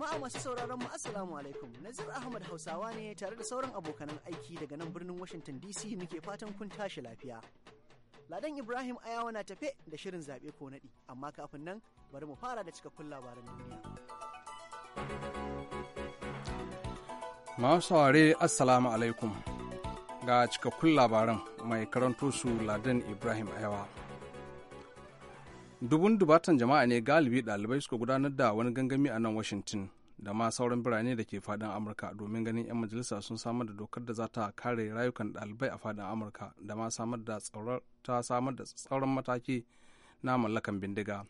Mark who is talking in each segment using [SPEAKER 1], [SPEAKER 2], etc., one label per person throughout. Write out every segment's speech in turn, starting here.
[SPEAKER 1] Jama'a masu sauraron mu Assalamu alaikum. Nazir Ahmad Hausawa ne tare da sauran abokanan aiki daga nan birnin Washington DC muke fatan kun tashi lafiya. Ladan Ibrahim Ayawa na tafe da shirin zaɓe ko naɗi, amma kafin nan bari mu fara da cikakkun labaran duniya.
[SPEAKER 2] Masu saurare Assalamu alaikum. Ga cikakkun labaran mai karanto su Ladan Ibrahim Ayawa. dubun dubatan jama'a ne galibi dalibai suka gudanar da wani gangami a nan washington da ma sauran birane da ke fadin amurka domin ganin 'yan majalisa sun samar da dokar da za ta kare rayukan dalibai a fadin amurka da ma samar da ta samar da tsauran mataki na mallakan bindiga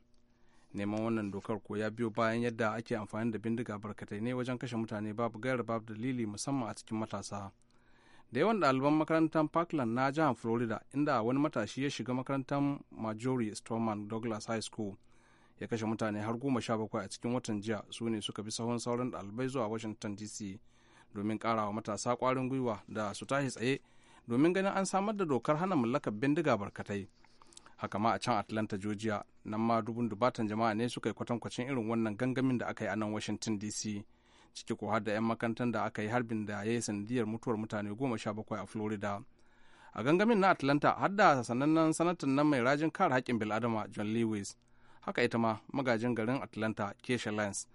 [SPEAKER 2] neman wannan dokar ko ya biyo bayan yadda ake amfani da bindiga barkatai ne wajen kashe mutane babu gayar babu dalili musamman a cikin matasa da yawan ɗaliban makarantar parkland na jihar florida inda wani matashi ya shiga makarantar majori stoneman douglas high school ya kashe mutane har goma sha bakwai a cikin watan jiya su ne suka bi sahun sauran ɗalibai zuwa washington dc domin karawa matasa kwarin gwiwa da su tashi tsaye domin ganin an samar da dokar hana mallakar bindiga barkatai haka ma a can atlanta georgia nan ma dubun dubatan jama'a ne suka yi kwatankwacin irin wannan gangamin da aka yi a nan washington dc ciki ko har da 'yan makantar da aka yi harbin da ya yi sanadiyar mutuwar mutane goma sha bakwai a florida a gangamin na atlanta har da sanannen sanatan nan mai rajin kare haƙƙin bil'adama john lewis haka ita ma magajin garin atlanta kesha lance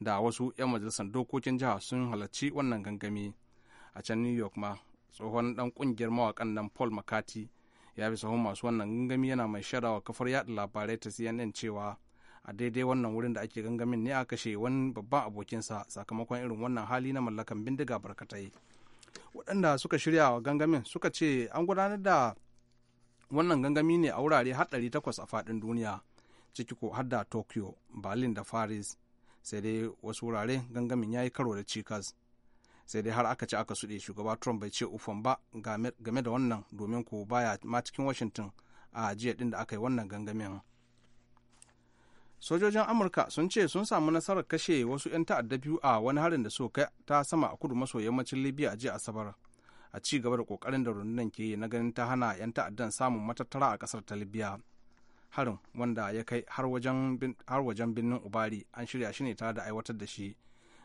[SPEAKER 2] da wasu 'yan majalisar dokokin jiha sun halarci wannan gangami a can new york ma tsohon dan kungiyar mawakan nan paul mccarthy ya bi sahun masu wannan gangami yana mai sharawa kafar yada labarai ta cnn cewa a daidai wannan wurin da ake gangamin ne a kashe wani babban abokinsa sakamakon irin wannan hali na mallakan bindiga barkatai waɗanda suka shirya wa gangamin suka ce an gudanar da wannan gangami ne a wurare har 800 a faɗin duniya ciki ko har da tokyo berlin da paris sai dai wasu wurare gangamin ya yi karo da cikas sai dai har aka ci aka suɗe shugaba trump bai ce ufan ba game da wannan domin ko baya ma cikin washington a jiya ɗin da aka yi wannan gangamin sojojin amurka sun ce sun samu nasarar kashe wasu 'yan ta'adda biyu a wani harin da suka kai ta sama a kudu maso yammacin libya a jiya asabar a ci gaba da kokarin da rundunan ke na ganin ta hana 'yan ta'addan samun matattara a kasar ta libya harin wanda ya kai har wajen birnin ubari an shirya shi ne tare da aiwatar da shi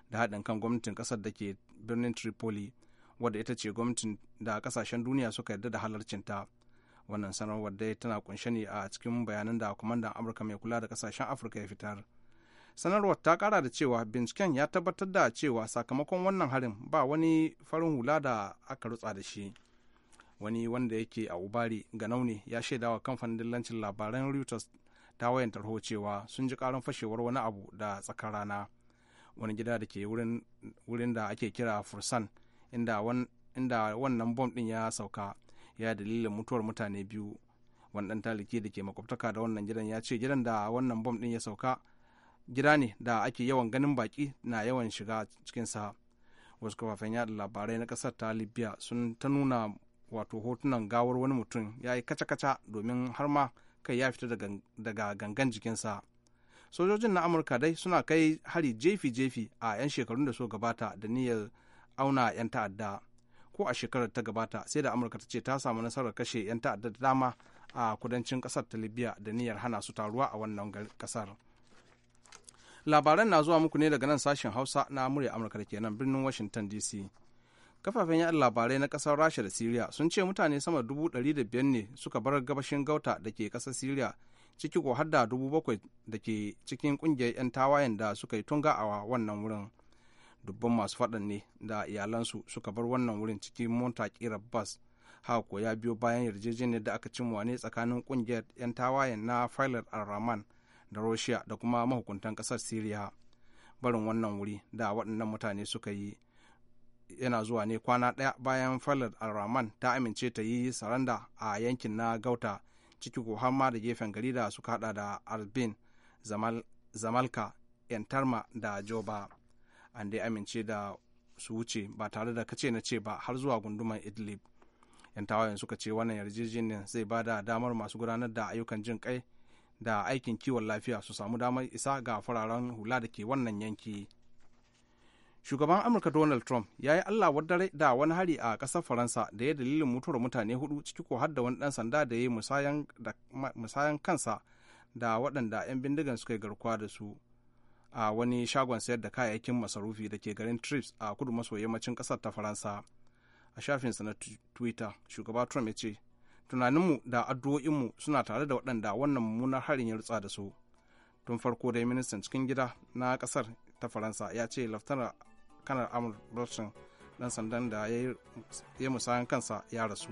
[SPEAKER 2] da haɗin kan gwamnatin ƙasar da ke birnin tripoli wadda ita ce gwamnatin da ƙasashen duniya suka yarda da halarcinta. ta wannan sanarwar dai tana kunshe ne a cikin bayanan da kwamandan amurka mai kula da kasashen afirka ya fitar sanarwar ta kara da cewa binciken ya tabbatar da cewa sakamakon wannan harin ba wani farin hula da aka rutsa da shi wani wanda yake a ubari ga ne ya wa kamfanin dillancin labaran reuters ta wayan tarho cewa sun ji karan fashewar wani abu da tsakar rana wani gida da ke wurin da ake kira fursan inda wannan bom din ya sauka ya dalilin mutuwar mutane biyu wani dan taliki da ke makwabtaka da wannan gidan ya ce gidan da wannan bom din ya sauka gida ne da ake yawan ganin baki na yawan shiga cikin sa wasu kafafen yada labarai na kasar ta libya sun ta nuna wato hotunan gawar wani mutum ya yi kaca-kaca domin har ma kai ya fita daga gangan jikinsa sojojin na amurka dai suna kai hari jefi-jefi a 'yan shekarun da so gabata da niyyar auna 'yan ta'adda ko a shekarar ta gabata sai da amurka ta ce ta samu nasarar kashe 'yan ta'adda dama a kudancin kasar ta libya da niyyar hana su taruwa a wannan kasar labaran na zuwa muku ne daga nan sashen hausa na murya amurka da kenan birnin washington dc kafafen yaɗa labarai na kasar rasha da siriya sun ce mutane sama dubu ɗari da biyar ne suka bar gabashin gauta da ke kasar siriya ciki ko har da dubu bakwai da ke cikin ƙungiyar 'yan tawayen da suka yi tunga a wannan wurin dubban masu faɗan ne da iyalansu suka bar wannan wurin cikin mota kira bas haka ko ya biyo bayan yarjejeniyar da aka cimma ne tsakanin kungiyar 'yan tawayen na failar al da russia da kuma mahukuntan kasar syria barin wannan wuri da waɗannan mutane suka yi yana zuwa ne kwana ɗaya bayan filet al ta amince ta yi saranda a yankin na gauta ciki ko har ma da gefen gari da suka hada da albin zamalka yantarma da joba an dai amince da su wuce ba tare da kace na ce ba har zuwa gunduman idlib yan tawayen suka ce wannan yarjejeniyar zai ba da damar masu gudanar da ayyukan jin kai da aikin kiwon lafiya su samu damar isa ga fararen hula da ke wannan yanki shugaban amurka donald trump ya yi allah wadare da wani hari a ƙasar faransa da ya dalilin mutuwar mutane hudu ciki ko har da wani dan sanda da ya yi musayan kansa da waɗanda 'yan bindigan suka yi garkuwa da su a wani shagon sayar da kayayyakin masarufi da ke garin trips a kudu maso yammacin kasar ta faransa a shafinsa na twitter shugaba trump ya ce tunaninmu da addu'o'inmu suna tare da waɗanda wannan mummunar harin ya rutsa da su tun farko dai ministan cikin gida na kasar ta faransa ya ce laftanar kanar amur rothschild dan sandan da ya yi kansa ya rasu.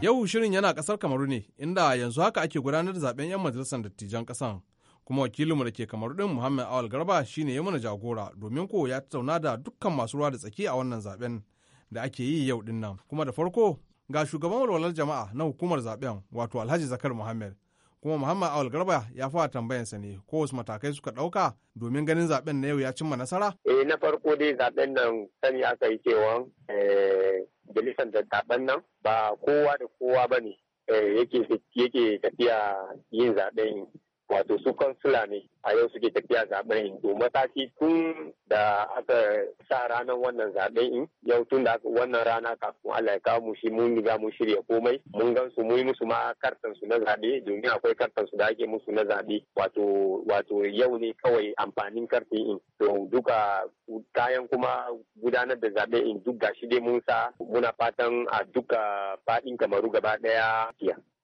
[SPEAKER 2] Yau shirin yana kasar Kamaru ne, inda yanzu haka ake gudanar da zaben 'yan majalisar dattijan kasan. Kuma wakilinmu da ke Kamaru din Muhammad Awal Garba shine ya mana jagora domin ko ya tattauna da dukkan masu ruwa da tsaki a wannan zaben da ake yi yau dinnan Kuma da farko ga shugaban walwalar jama'a na hukumar zaben wato Alhaji Zakar Muhammad kuma muhammad awal garba ya fara tambayansa ne ko wasu matakai suka ɗauka domin ganin zaɓen na yau ya cimma nasara?
[SPEAKER 3] eh na farko dai zaɓen nan sani aka yi cewa eh, majalisar da zaben nan ba kowa da kowa ba ne eh, yake tafiya yin zaben wato su kansula ne a yau suke tafiya zaben in to mataki tun da aka sa ranar wannan zaben in yau tun da wannan rana kafin Allah ya kawo mu shi mun riga mun shirya komai mun gan su mun musu ma kartan su na zabe domin akwai kartan su da ake musu na zabe wato wato yau ne kawai amfanin kartin in to duka kayan kuma gudanar da zaben in duk gashi dai mun sa muna fatan a duka fadin kamaru gaba daya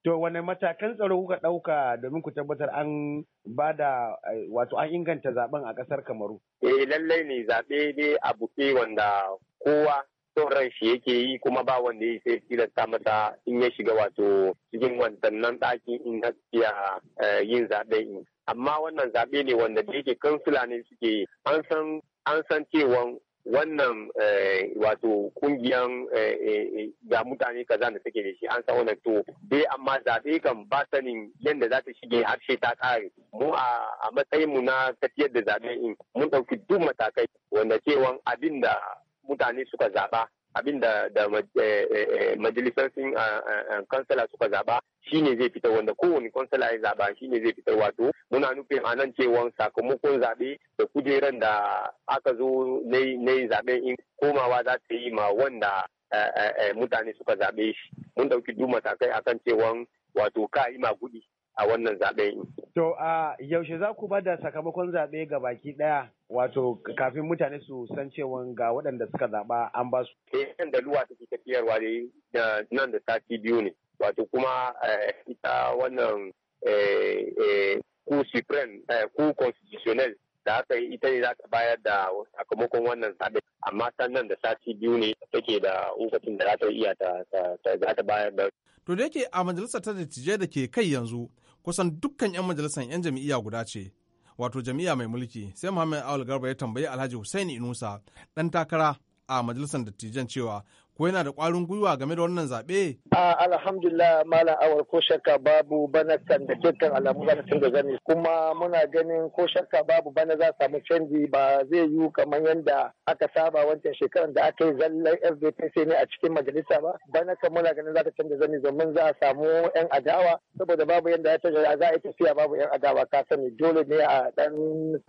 [SPEAKER 4] To wane matakan tsaro kuka ɗauka domin ku tabbatar an ba da eh, wato an inganta zaben a ƙasar
[SPEAKER 3] Kamaru? Eh lallai ne zaɓe ne a buɗe wanda kowa son ran shi yake yi kuma ba wanda ya sai tilasta masa in ya shiga wato cikin wannan ɗaki in gaskiya eh, yin zaɓe amma wannan zaɓe ne wanda da yake kansula ne suke an san an san cewa wannan eh, wato kungiyan eh, eh, ga mutane kaza da take da shi an san wannan to dai amma zaɓe kan ba sanin yadda za ta shige harshe ta ƙare mu a matsayin mu na tafiyar da zaɓe in mun ɗauki duk matakai wanda cewan abin da mutane suka zaɓa abin da eh, eh, eh, majalisar sun kansala suka zaba shine zai fitar wanda kowane kansala ya zaba shine zai fitar wato muna nufin a nan cewa sakamakon zaɓe da kujeran da aka zo na yin zaɓen in komawa za ta yi ma wanda mutane suka zaɓe shi mun ɗauki duk matakai akan cewa wato ka yi ma magudi a wannan zaɓe.
[SPEAKER 4] To a yaushe za ku ba da sakamakon zaɓe ga baki ɗaya wato kafin mutane su san cewa ga waɗanda suka zaɓa an ba su.
[SPEAKER 3] Ke eh, yan da luwa take tafiyarwa ne nan da sati biyu ne wato kuma eh, ita wannan eh, ku supreme ku constitutionnel da aka yi ita ne za ta bayar da sakamakon wannan zaɓe amma sannan da sati biyu ne take da lokacin da za ta iya ta ta bayar da.
[SPEAKER 2] To da yake a majalisar ta dattijai da ke kai yanzu kusan dukkan 'yan majalisar 'yan jam'iyya guda ce wato jam'iyya mai mulki sai muhammad awal garba ya tambayi alhaji hussaini inusa ɗan takara a majalisar dattijan cewa ko yana da kwarin gwiwa game da wannan zaɓe?
[SPEAKER 5] A alhamdulillah malam awal ko shakka babu bana kan da dukkan alamu bana san da zane kuma muna ganin ko shakka babu bana za samu canji ba zai yiwu kamar yadda aka saba wancan shekarar da aka yi zallar FDP sai ne a cikin majalisa ba bana kan muna ganin za ta canza zane domin za a samu yan adawa saboda babu yadda ya canza za a tafiya babu yan adawa ka sani dole ne a dan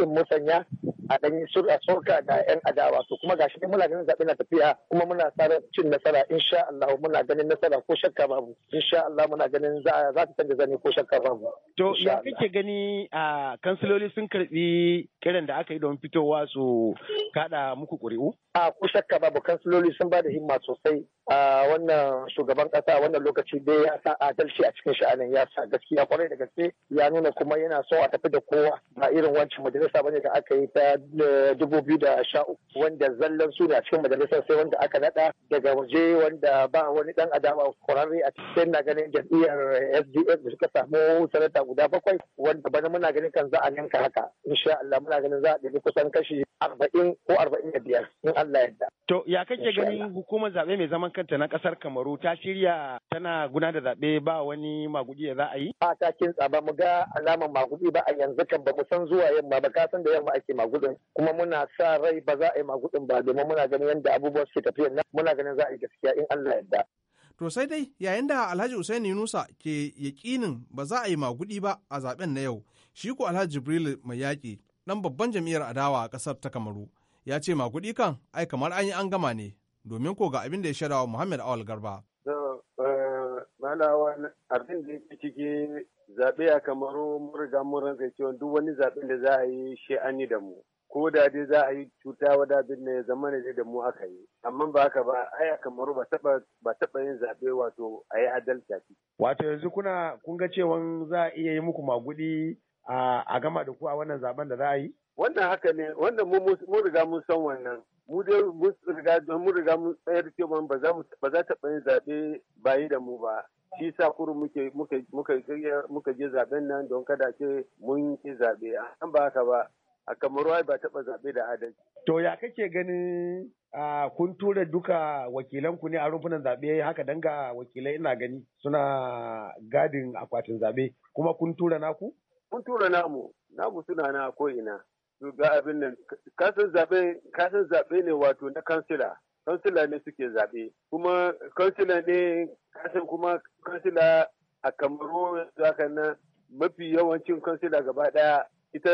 [SPEAKER 5] sun musanya a dan yi surka da yan adawa to kuma gashi ne muna ganin zaɓe na tafiya kuma muna sa cin nasara insha Allah muna ganin nasara ko shakka babu insha Allah muna ganin za ta canza zane ko shakka babu to ya kake
[SPEAKER 4] gani a kansiloli sun karbi kiran da aka yi don
[SPEAKER 5] fitowa su kada muku ƙuri'u a ku shakka babu kansiloli sun ba da himma sosai a wannan shugaban kasa a wannan lokaci dai ya sa adalci a cikin sha'anin ya sa gaskiya kwarai da gaske ya nuna kuma yana so a tafi da kowa ba irin wancan majalisa bane da aka yi ta eh, dubu biyu da sha wanda zallan su a cikin majalisar sai wanda aka naɗa. daga waje wanda ba wani dan adama kwararre a cikin na ganin jam'iyyar eh, SDF da suka samu sanata guda bakwai wanda bana muna ganin kan za a yanka haka insha Allah muna ganin za a ɗebi kusan kashi arba'in ko arba'in da biyar in Allah yadda.
[SPEAKER 4] To ya kake ganin hukumar zaɓe mai zaman kanta na ƙasar Kamaru ta shirya tana guna da zaɓe ba wani magudi da za a yi? A
[SPEAKER 5] ta kintsa ba mu ga alamar magudi ba a yanzu kan ba mu san zuwa yamma ba ka san da yamma ake magudin kuma muna sa rai ba za a yi magudin ba domin muna ganin yadda abubuwan suke tafiya na muna ganin za a yi gaskiya in Allah yadda.
[SPEAKER 2] To sai dai yayin da Alhaji Usaini Yunusa ke yakinin ba za a yi magudi ba a zaben na yau, shi ko Alhaji Jibril mai yaƙi ɗan babban jam'iyyar adawa a ƙasar ta Kamaru ya ce maguɗi kan ai kamar an yi an gama ne domin ko ga abin da ya shara wa Muhammad Awal Garba.
[SPEAKER 6] Eh, Malawan abin da zaɓe a kamaru mun riga mun ranka cewa duk wani zaɓen da za a yi shi an yi da mu. Ko da dai za a yi cuta wada abin ya zama ne da mu aka yi. Amma ba haka ba ai a kamaru ba taɓa yin zaɓe wato a yi adalci.
[SPEAKER 4] Wato yanzu kuna kun ga cewa za a iya yi muku magudi a gama da ku a wannan zaɓen da za a yi?
[SPEAKER 6] wannan haka ne wannan mun riga mun san wannan mu dai mun riga mun riga mun tsayar cewa ba za ba za ta yin zaɓe bayi da mu ba shi sa kuru muke muka muka je zaben nan don kada ce mun ki zaɓe an ba haka ba a kamaru ba taɓa zaɓe da adalci.
[SPEAKER 4] To ya kake ganin kun tura duka wakilanku ne a rumfunan zaɓe haka danga wakilai ina gani suna gadin akwatin zaɓe kuma kun tura naku?
[SPEAKER 6] Kun tura namu, namu suna na ko ina. ga abin nan kasan zaɓe kasan zaɓe ne wato na kansila kansila ne suke zaɓe kuma kansila ne kasan kuma kansila a kamaru zaka na mafi yawancin kansila gaba ɗaya ita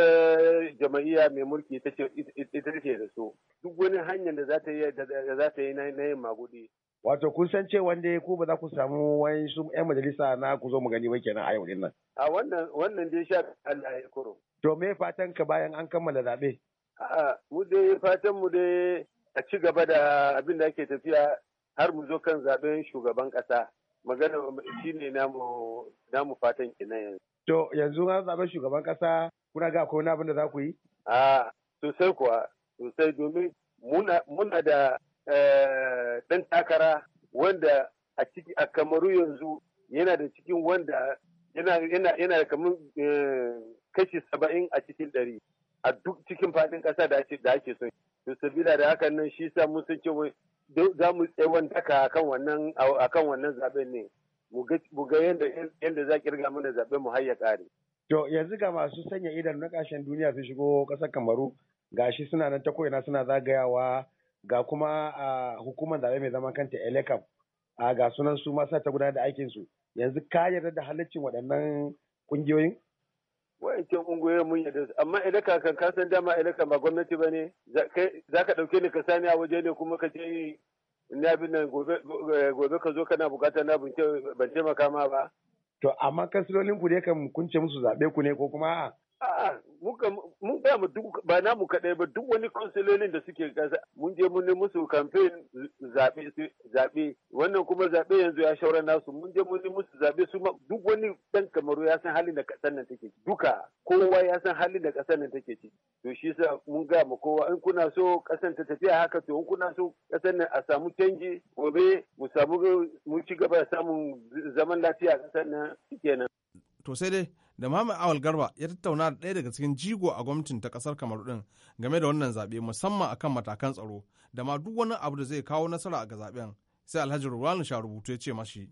[SPEAKER 6] jama'iyya mai mulki ita ce ita take da su duk wani hanyar da za ta yi da za ta yi na yin magudi
[SPEAKER 4] Wato kun san ce wanda ko ba za ku samu wani su 'yan majalisa na ku zo mu gani ba kenan a yau din nan.
[SPEAKER 6] A wannan wannan dai sha Allah ya kuro.
[SPEAKER 4] To me fatan ka bayan an kammala zaɓe?
[SPEAKER 6] A'a, mu dai fatan mu dai a ci gaba da abin da ake tafiya har mu zo kan zaɓen shugaban ƙasa. Magana shi ne namu fatan kenan yanzu.
[SPEAKER 4] To yanzu na zaɓen shugaban ƙasa kuna ga ko na abin da za ku yi?
[SPEAKER 6] A sosai kuwa sosai domin muna da eh, ɗan takara wanda a ciki a kamaru yanzu yana da cikin wanda yana yana kamar eh, kashi saba'in a cikin ɗari a duk cikin faɗin ƙasa da ake son to sabila da hakan nan shi sa mun san za mu tsawon daka akan wannan akan wannan zaben ne mu ga yadda za ki riga mana zaben mu har ya ƙare.
[SPEAKER 4] To yanzu ga masu sanya idan na ƙashin duniya sun shigo ƙasar Kamaru gashi suna nan ta ko'ina suna zagayawa ga kuma a hukumar zaɓe mai zaman kanta elekam a ga sunan su masu ta gudanar da aikinsu yanzu ka yarda da halaccin waɗannan ƙungiyoyin?
[SPEAKER 6] wa'ancan ungoyar mun yadda su amma idan ka kan kasan dama idan ka ba gwamnati ba ne za ka ɗauke ni ka sani a waje ne kuma ka ce na bin nan eh, gobe ka zo kana bukatar na ban taimaka ma ba.
[SPEAKER 4] To amma kansilolin ku ne kan kunce musu zaɓe ku ne ko kuma
[SPEAKER 6] A'a, mun ba mu duk ba mu kaɗai ba duk wani kansilolin da suke kasa mun je mun musu kamfen zaɓe wannan kuma zaɓe yanzu ya shaura nasu mun je mun musu zaɓe su duk wani dan kamaru ya san halin da kasar nan take duka kowa ya san halin da kasar nan take ci to shi sa mun ga mu kowa in kuna so kasar ta tafiya haka to in kuna so kasar nan a samu canji gobe mu samu mu ci gaba da samun zaman lafiya kasar nan kenan.
[SPEAKER 2] to sai dai da Muhammad Awal Garba ya tattauna da ɗaya daga cikin jigo a gwamnatin ta ƙasar Kamaru ɗin game da wannan zaɓe musamman akan matakan tsaro da ma duk wani abu da zai kawo nasara ga zaɓen sai Alhaji sha rubutu ya ce mashi.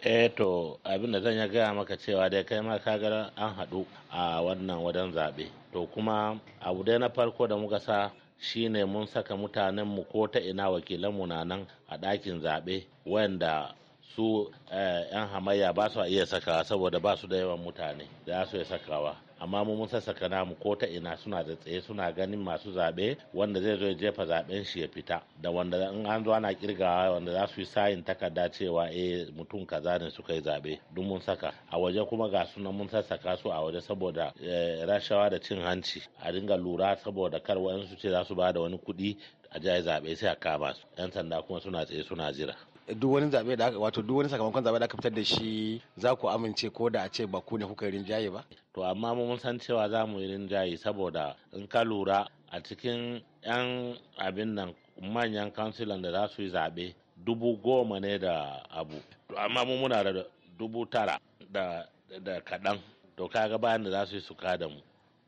[SPEAKER 7] eh to abin da zan ya gaya maka cewa dai kai ma ka ga an haɗu a wannan wajen zaɓe to kuma abu dai na farko da muka sa shine mun saka mutanenmu ko ta ina wakilanmu na nan a ɗakin zaɓe wanda su eh, 'yan hamayya ba su iya sakawa saboda ba su da yawan mutane da su iya sakawa amma mu mun sassaka namu ko ta ina suna da tsaye suna ganin masu zaɓe wanda zai zo ya jefa zaɓen shi ya fita da wanda in an zo ana kirgawa wanda za su yi sayin takarda cewa eh mutum kaza ne suka yi zaɓe duk mun saka a waje kuma ga suna mun sassaka su a waje saboda eh, rashawa da cin hanci a dinga lura saboda kar waɗansu ce za su ba da wani kuɗi a jaye zaɓe sai a kama su 'yan sanda kuma suna tsaye suna jira.
[SPEAKER 4] duk wani zabe da aka wato duk wani sakamakon zabe da aka fitar da shi za ku amince ko da a ce ba ku ne
[SPEAKER 7] kuka yi rinjaye ba to amma mun san cewa za mu yi rinjaye saboda in ka lura a cikin 'yan abin nan manyan kansilan da za su yi zaɓe dubu goma ne da abu to amma mu muna da dubu tara da kaɗan to kaga bayan da za su yi su da mu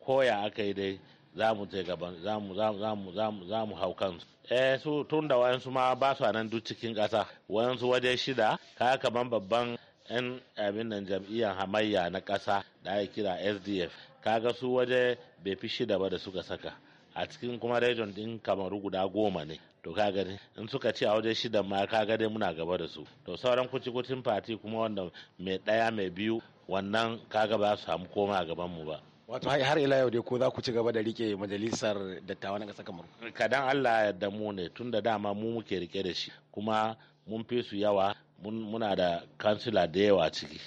[SPEAKER 7] koya aka yi dai za mu je gaban za mu hau kansu eh su tun da wayansu ma ba su nan duk cikin ƙasa wayansu waje shida ka kaman babban yan abin nan jam'iyyar hamayya na ƙasa da ake kira sdf kaga su waje bai fi shida ba da suka saka a cikin kuma region din kamaru guda goma ne to ka gani in suka ce a waje shida ma ka gani muna gaba da su to sauran kuci kucin-kucin fati kuma wanda mai ɗaya mai biyu wannan kaga ba su samu koma gaban mu ba wato har ila yau dai ko za ku ci gaba da rike majalisar dattawa na ƙasar kamaru kadan allah da mu ne tun da dama mu muke rike da shi kuma mun fi su yawa muna da kansila da yawa ciki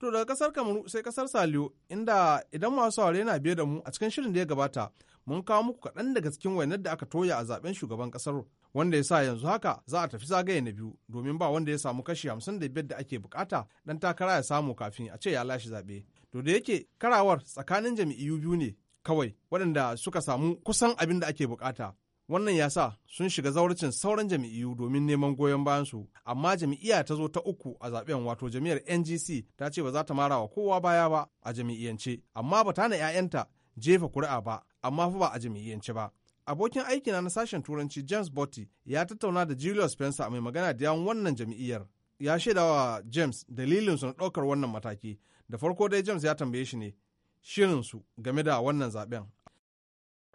[SPEAKER 2] to daga kasar kamaru sai kasar saliyo inda idan masu aure na biye da mu a cikin shirin da ya gabata mun kawo muku kaɗan daga cikin wainar da aka toya a zaben shugaban kasar wanda ya sa yanzu haka za a tafi zagaye na biyu domin ba wanda ya samu kashi 55 da ake bukata dan takara ya samu kafin a ce ya lashe zaɓe to da yake karawar tsakanin jam'iyyu biyu ne kawai waɗanda suka samu kusan abin da ake bukata wannan ya sa sun shiga zauracin sauran jam'iyyu domin neman goyon bayansu amma jam'iyya ta zo ta uku a zaben wato jami'ar ngc ta ce ba za ta mara wa kowa baya ba a jami'iyance amma ba ta na 'ya'yanta jefa kuri'a ba amma fa ba a jam'iyyance ba abokin aikina na sashen turanci james botti ya tattauna da julius spencer mai magana da yawan wannan jami'iyyar ya shaidawa james dalilinsu na ɗaukar wannan mataki da farko dai james ya tambaye shi ne shirinsu game da wannan zaben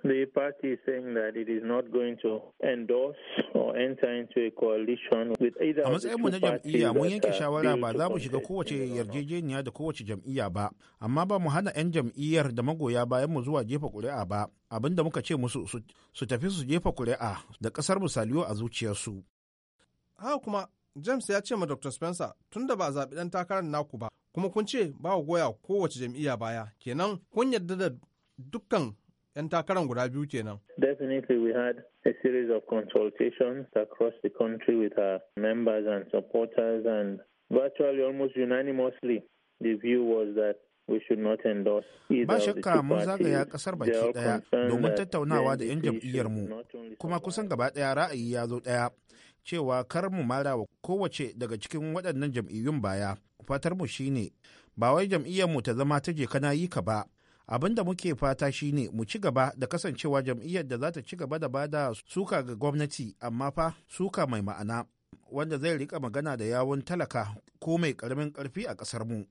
[SPEAKER 8] The party is saying that it is not going to endorse or enter into a coalition with either A matsayinmu na jam'iyya mun yanke shawara ba za mu shiga
[SPEAKER 9] kowace yarjejeniya da kowace jam'iyya ba, amma ba mu hana 'yan jam'iyyar da magoya bayan mu zuwa jefa ƙuri'a ba, abinda muka ce musu su tafi su jefa ƙuri'a da ƙasar mu saliyo a zuciyarsu.
[SPEAKER 2] Haka kuma James ya ce ma Dr. Spencer tun da ba a zaɓi ɗan takarar naku ba, kuma kun ce ba wa goya kowace jam'iyya baya kenan kun yarda da dukkan 'yan takarar guda biyu kenan.
[SPEAKER 8] Definitely we had a series of consultations across the country with our members and supporters and virtually almost unanimously the view was that we should not endorse either Ba shakka mun zagaya kasar baki daya domin tattaunawa da 'yan jam'iyyar mu
[SPEAKER 9] kuma kusan gaba daya ra'ayi ya zo daya cewa kar mu mara wa kowace daga cikin waɗannan jam'iyyun baya fatar mu shine ba wai jam'iyyar mu ta zama ta je kana yi ka ba abin da muke fata shine mu ci gaba da kasancewa jam'iyyar da za ta ci gaba da ba da suka ga gwamnati amma fa suka mai ma'ana wanda
[SPEAKER 2] zai rika magana da yawun talaka ko mai karamin karfi a kasar mu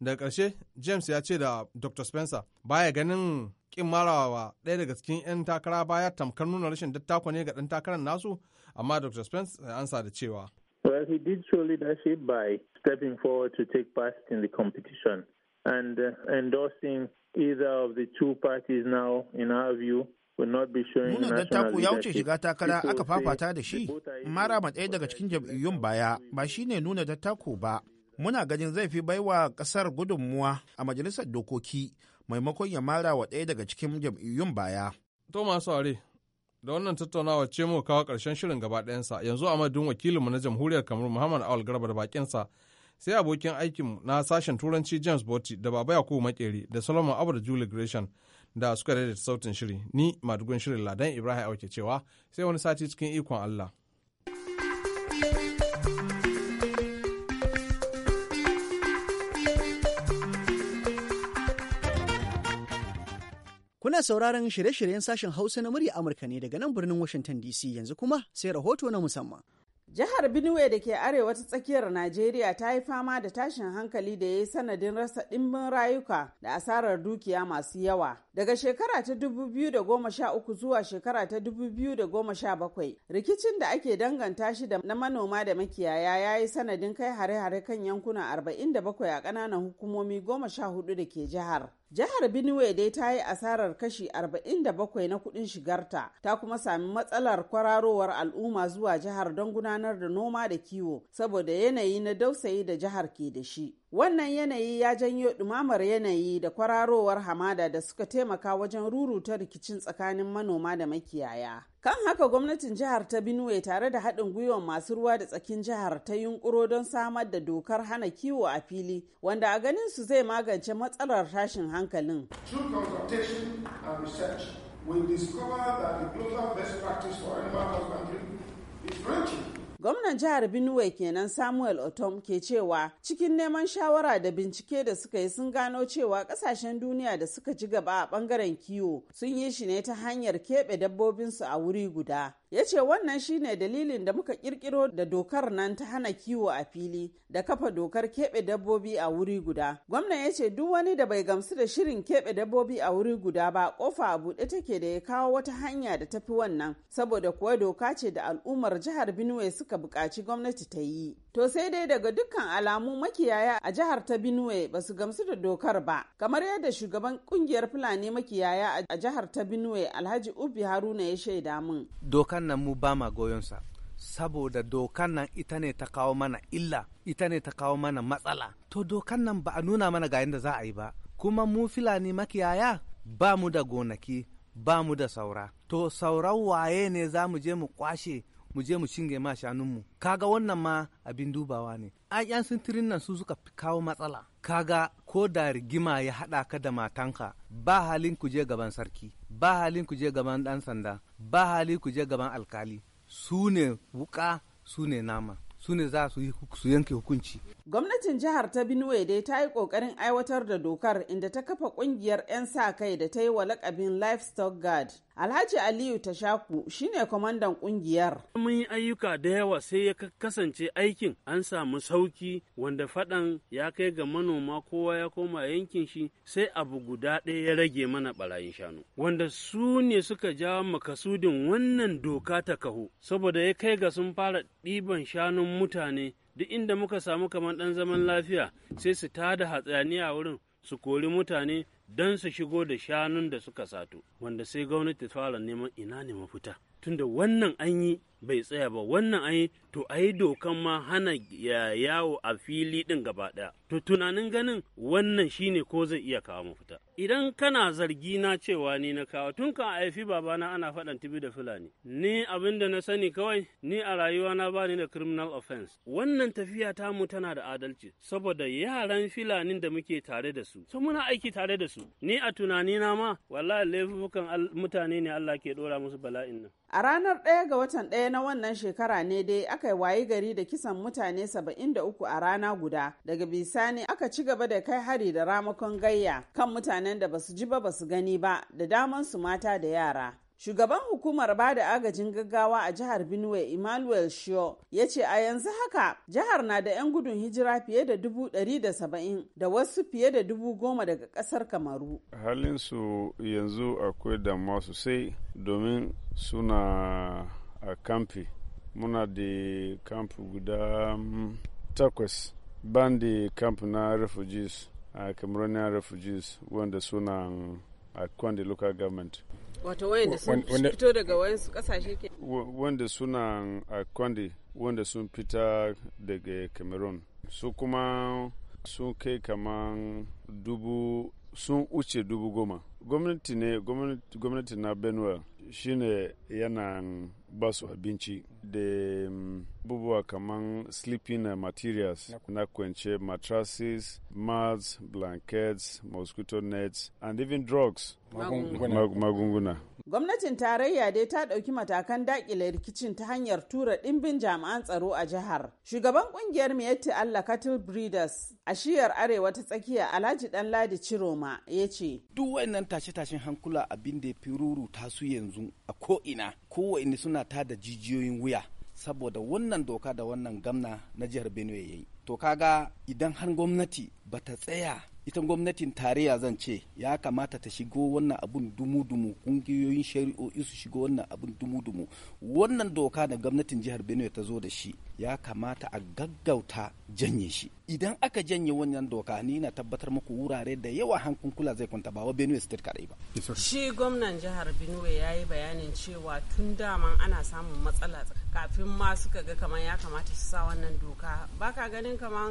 [SPEAKER 2] daga ƙarshe james ya ce da dr spencer baya ganin kin marawa ɗaya daga cikin 'yan takara baya tamkar nuna rashin dattako ne ga ɗan takarar nasu amma dr spencer ya ansa da cewa
[SPEAKER 8] Well, he did show leadership by stepping forward to take part in the competition and uh, endorsing either of the two parties now, in our view, would not be showing national taku ya wuce shiga takara aka fafata da shi,
[SPEAKER 9] ɗaya daga cikin jam'iyyun baya ba shi ne nuna ba. Muna ganin zai fi baiwa ƙasar gudunmuwa a majalisar dokoki maimakon ya mara wa ɗaya daga cikin jam'iyyun baya.
[SPEAKER 2] da wannan tattaunawa ce mu kawo karshen shirin gaba ɗayansa yanzu a madadin wakilinmu na jamhuriyar kamar muhammad awal garba da bakinsa sai abokin aikin na sashen turanci james botti da baba yakubu makeri da solomon abu da julie gresham da suka daidaita sautin shiri ni madugun shirin ladan ibrahim auke cewa sai wani sati cikin ikon allah
[SPEAKER 1] Kuna sauraron shirye-shiryen sashen Hausa na murya Amurka ne daga nan birnin Washington DC yanzu kuma sai rahoto na musamman. Jihar
[SPEAKER 10] Benue da ke arewa ta tsakiyar Najeriya ta yi fama da tashin hankali da ya yi sanadin rasa ɗimbin rayuka da asarar dukiya masu yawa. Daga shekara ta 2013 zuwa shekara ta 2017, rikicin da ake danganta shi da na manoma da makiyaya ya yi sanadin kai hare-hare kan yankuna 47 a ƙananan hukumomi 14 da ke jihar. Jihar Benue dai ta yi asarar kashi 47 na kuɗin shigarta, ta kuma sami matsalar kwararowar al'umma zuwa jihar don gudanar da noma da kiwo saboda yanayi na dausayi da jihar ke da shi. Wannan yanayi ya janyo ɗumamar yanayi da kwararowar hamada da suka taimaka wajen ruruta rikicin tsakanin manoma da makiyaya. Kan haka gwamnatin jihar ta Binuwe tare da haɗin gwiwar masu ruwa da tsakin jihar ta yunkuro don samar da dokar hana kiwo a fili wanda a ganin su zai magance matsalar tashin hankalin.
[SPEAKER 1] We discover
[SPEAKER 9] that the global best practice for animal husbandry is ranching.
[SPEAKER 10] Gwamnan jihar Benue kenan Samuel Otom ke cewa cikin neman shawara da bincike da suka yi sun gano cewa kasashen duniya da suka ci gaba a bangaren kiwo sun yi shi ne ta hanyar keɓe dabbobinsu a wuri guda. ya ce wannan shine dalilin da muka kirkiro da dokar nan ta hana kiwo a fili da kafa dokar keɓe dabbobi a wuri guda gwamna ya ce duk wani da bai gamsu da shirin keɓe dabbobi a wuri guda ba kofa a buɗe take da ya kawo wata hanya da tafi wannan saboda kuwa doka ce da al'ummar jihar benue suka buƙaci gwamnati ta yi to sai dai daga dukkan alamu makiyaya a jihar ta benue ba su gamsu da dokar ba kamar yadda shugaban kungiyar fulani makiyaya a jihar ta benue alhaji ubi haruna ya shaida min
[SPEAKER 11] dokar dokan mu ba ma sa saboda dokan nan ita ne ta kawo mana illa ita ne ta kawo mana matsala to dokan nan ba a nuna mana ga yadda za a yi ba kuma mu filani makiyaya ba mu da gonaki ba mu da saura to sauran waye ne za mu je mu kwashe mu je mu shinge ma shanunmu kaga wannan ma abin dubawa ne a yan sintirin nan su suka kawo matsala kaga ko da rigima ya haɗa ka da matanka ba halin ku je gaban sarki ba halin ku je gaban ɗan sanda ba halin ku je gaban alkali su ne wuƙa su ne nama su ne za su su yanke hukunci.
[SPEAKER 10] Gwamnatin jihar ta Benue dai ta yi kokarin aiwatar da dokar inda ta kafa kungiyar 'yan sa kai da ta yi wa lakabin livestock guard. Alhaji Aliyu Tashaku shine kwamandan kungiyar.
[SPEAKER 8] Mun yi ayyuka da yawa sai ya kasance aikin an samu sauki wanda fadan ya kai ga manoma kowa ya koma yankin shi sai abu guda ɗaya ya rage mana barayin shanu. Wanda su ne suka jawo makasudin wannan doka ta kaho saboda ya kai ga sun fara ɗiban shanun mutane duk inda muka samu kamar ɗan zaman lafiya sai su tada hatsaniya wurin su kori mutane don su shigo da shanun da suka sato wanda sai gwamnati ta fara neman ina ne mafita tunda wannan an yi bai tsaya ba wannan an yi to a yi dokan ma hana yawo a fili din gaba ɗaya to tunanin ganin wannan shine ko zai iya kawo mafita idan kana zargi na cewa ni na kawo tun a haifi babana ana faɗan tibi da fulani ni abin da na sani kawai ni a rayuwa na bani da criminal offense wannan tafiya ta mu tana da adalci saboda yaran filanin da muke tare da su so muna aiki tare da su ni a tunanina ma wallahi laifukan mutane ne Allah ke ɗora musu bala'in nan
[SPEAKER 10] A ranar ɗaya ga watan ɗaya na wannan shekara ne dai aka wayi gari da kisan mutane 73 a rana guda. Daga bisani aka ci gaba da kai hari da ramakon gayya kan mutanen da basu ji ba basu gani ba da daman su mata da yara. Shugaban hukumar ba da agajin gaggawa a jihar Benue Emmanuel Shio ya ce a yanzu haka jihar na da 'yan gudun hijira fiye da dubu ɗari da wasu fiye da dubu goma daga kasar Kamaru.
[SPEAKER 6] Halinsu yanzu akwai damuwa sosai domin suna a kamfi muna da kamfi guda mm, takwas ban da kamfi na refugees a cameroonian refugees wanda suna a kwande local government
[SPEAKER 10] wato wanda sun fito daga kasashe ke
[SPEAKER 6] wanda suna a kwande wanda sun fita daga cameroon su kuma sun kai kaman dubu sun uce dubu goma gwamnati ne gwamnati na benuel. shine yana basu abinci da mm, abubuwa kamar sleeping materials na kwance matrasses, mats blankets mosquito nets and even drugs magunguna
[SPEAKER 10] gwamnatin tarayya dai ta ɗauki matakan daƙile rikicin ta hanyar tura ɗimbin jami'an tsaro a jihar shugaban ƙungiyar miyatti allah cattle breeders a shiyar arewa ta tsakiya alhaji dan ladi ciroma ya ce duk wannan tashe-tashen hankula abin da ya fi ruru tasu yanzu
[SPEAKER 11] a ko'ina kowa suna tada jijiyoyin wuya saboda wannan doka da wannan gamna na jihar benue ya yi to kaga idan har gwamnati ba ta tsaya ita gwamnatin tarayya zan ce ya kamata ta shigo wannan abun dumu-dumu kungiyoyin shari'o'i su shigo wannan abun dumu-dumu wannan doka da gwamnatin jihar benue ta zo da shi ya kamata a gaggauta janye shi idan aka janye wannan doka ni na tabbatar muku wurare da yawa hankun kula zai kwanta ba wa benue state kadai ba shi
[SPEAKER 10] gwamnan jihar benue ya yi bayanin cewa tun dama ana samun matsala kafin ma suka ga kamar ya kamata su sa wannan doka baka ganin kamar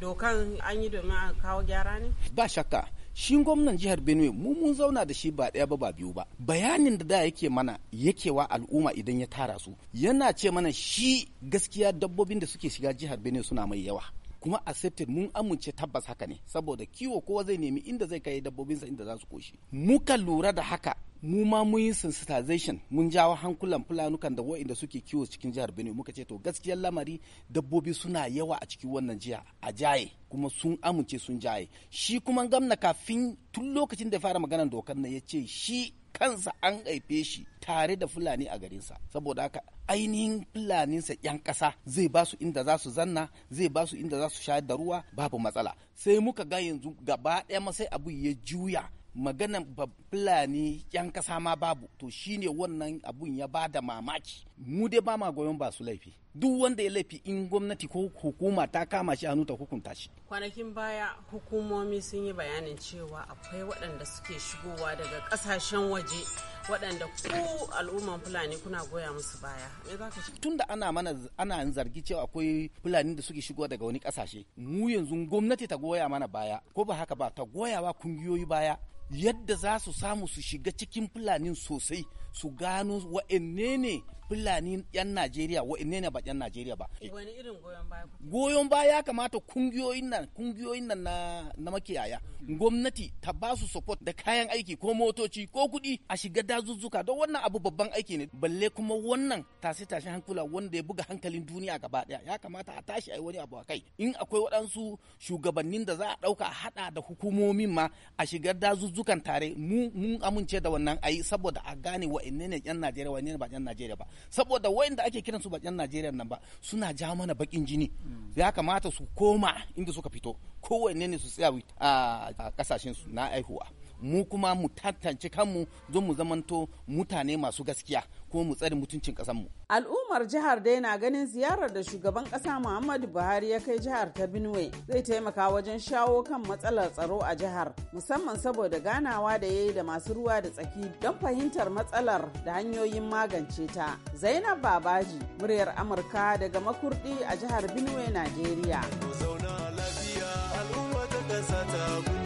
[SPEAKER 10] dokan an yi domin a kawo gyara ne ba
[SPEAKER 11] shakka shi gwamnan jihar benue mu mun zauna da shi ba ɗaya ba ba biyu ba bayanin da da yake mana yakewa al'umma idan ya tara su yana ce mana shi gaskiya dabbobin da suke shiga jihar benue suna mai yawa kuma accepted mun amince tabbas haka ne saboda kiwo kowa zai nemi inda zai kai dabbobinsa inda za su koshi muka lura da haka mu ma mun yi sensitization mun jawo hankulan fulanukan da wa'inda suke kiwo cikin jihar Benue muka ce to gaskiya lamari dabbobi suna yawa a cikin wannan jiha a jaye kuma sun amince sun jaye shi kuma gamna kafin tun lokacin da ya fara maganar dokar na ya ce shi kansa an haife shi tare da fulani a garinsa saboda haka ainihin fulaninsa 'yan ƙasa zai ba su inda za su zanna zai ba su inda za su sha da ruwa babu matsala sai muka ga yanzu gaba ɗaya ma sai abu ya juya maganan fulani 'yan ƙasa ma babu to shine wannan abun ya ba da mamaki mu dai ba ma goyon ba su laifi duk wanda ya laifi in gwamnati ko hukuma ta kama shi hannu ta hukunta shi
[SPEAKER 10] kwanakin baya hukumomi sun yi bayanin cewa akwai waɗanda suke shigowa daga ƙasashen waje waɗanda ku al'umman fulani kuna goya musu baya
[SPEAKER 11] tunda ana mana ana zargi cewa akwai fulani da suke shigowa daga wani ƙasashe mu yanzu gwamnati ta goya mana baya ko ba haka ba ta goyawa kungiyoyi baya yadda za su samu su shiga cikin fulanin sosai su gano wa'anne ne fulani yan najeriya wa'anne ne ba yan najeriya ba
[SPEAKER 10] wani irin goyon baya
[SPEAKER 11] goyon baya kamata kungiyoyin nan kungiyoyin nan na, na makiyaya gwamnati ta ba su support da kayan aiki ko motoci ko kuɗi a shiga dazuzzuka don wannan abu babban aiki ne balle kuma wannan tashe tashi hankula wanda ya buga hankalin duniya gaba daya ya kamata a tashi a yi wani abu a kai in akwai waɗansu shugabannin da za a ɗauka a haɗa da hukumomin ma a shiga dazuzzukan tare mu mun amince da wannan ayi saboda a gane wa'anne ne yan najeriya wa'anne ne ba yan najeriya ba saboda wayanda ake kiran su bakin Najeriya nan ba suna ja mana bakin jini ya kamata su koma inda suka fito kowanne ne su tsaya ah, a kasashen su na aihuwa mu kuma mu tantance kanmu don mu zamanto mutane masu gaskiya kuma mu tsare mutuncin mu.
[SPEAKER 10] Al'ummar jihar dai na ganin ziyarar da shugaban ƙasa Muhammadu Buhari ya kai jihar ta Benue zai taimaka wajen shawo kan matsalar tsaro a jihar musamman saboda ganawa da ya yi da masu ruwa da tsaki don fahimtar matsalar da hanyoyin magance ta. Zainab Babaji, muryar Amurka daga makurdi a jihar Benue, Najeriya.
[SPEAKER 12] Zauna lafiya al'umma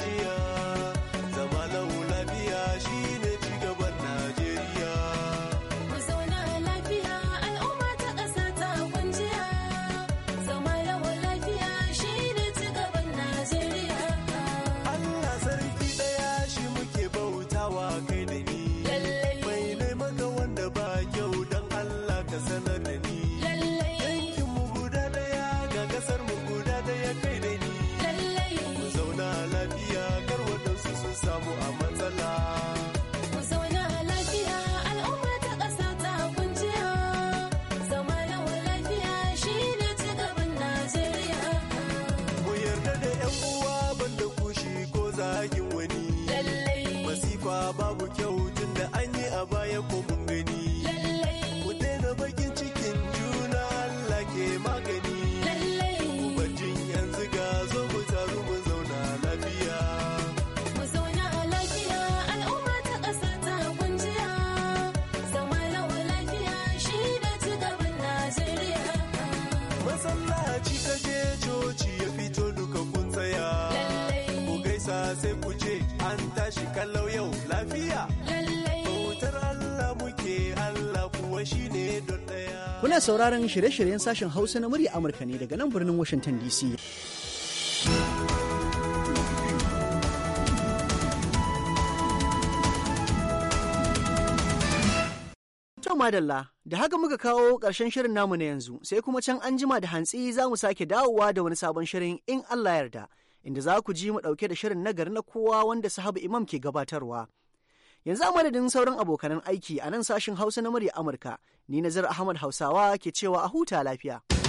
[SPEAKER 12] sai ku ce an tashi kallau yau lafiya. Lallai. Bautar Allah muke
[SPEAKER 1] Allah kuwa shi don ɗaya. Kuna sauraron shirye-shiryen sashen Hausa na murya Amurka ne daga nan birnin Washington DC. madalla da haka muka kawo ƙarshen shirin namu na yanzu sai kuma can anjima da hantsi za mu sake dawowa da wani sabon shirin in Allah yarda. inda za ku ji mu ɗauke da shirin nagari na kowa wanda sahabu imam ke gabatarwa. Yanzu a madadin sauran abokanan aiki a nan sashin Hausa na murya Amurka, ni Nazar Ahmad Hausawa ke cewa a huta lafiya.